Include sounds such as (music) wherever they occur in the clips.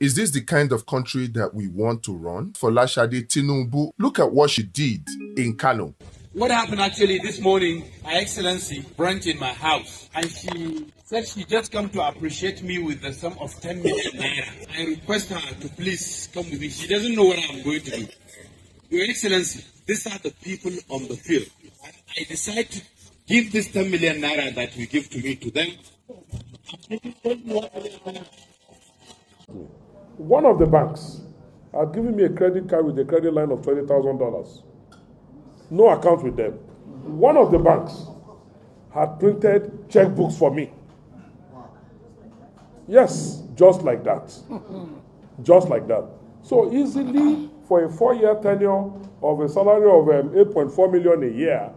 Is this the kind of country that we want to run? For Lashade Tinubu, look at what she did in Kano. What happened actually this morning, my Excellency brunch in my house, and she said she just come to appreciate me with the sum of 10 million naira. I request her to please come with me. She doesn't know what I'm going to do. Your Excellency, these are the people on the field. I, I decide to give this 10 million naira that you give to me to them. One of the banks had given me a credit card with a credit line of $20,000. No account with them. One of the banks had printed checkbooks for me. Yes, just like that. (laughs) just like that. So easily, for a four year tenure of a salary of um, 8.4 million a year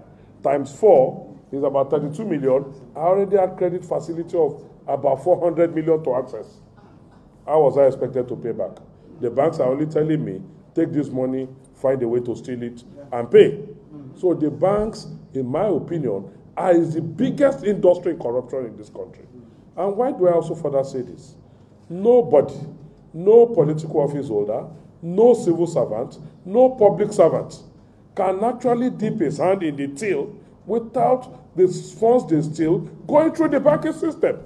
times four is about 32 million. I already had credit facility of about 400 million to access. How was I expected to pay back? The banks are only telling me, take this money, find a way to steal it, and pay. So the banks, in my opinion, are the biggest industry in corruption in this country. And why do I also further say this? Nobody, no political office holder, no civil servant, no public servant can actually dip his hand in the till without the funds they steal going through the banking system.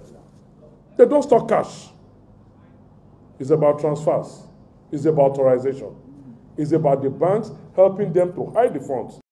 They don't stock cash. It's about transfers. It's about authorization. It's about the banks helping them to hide the funds.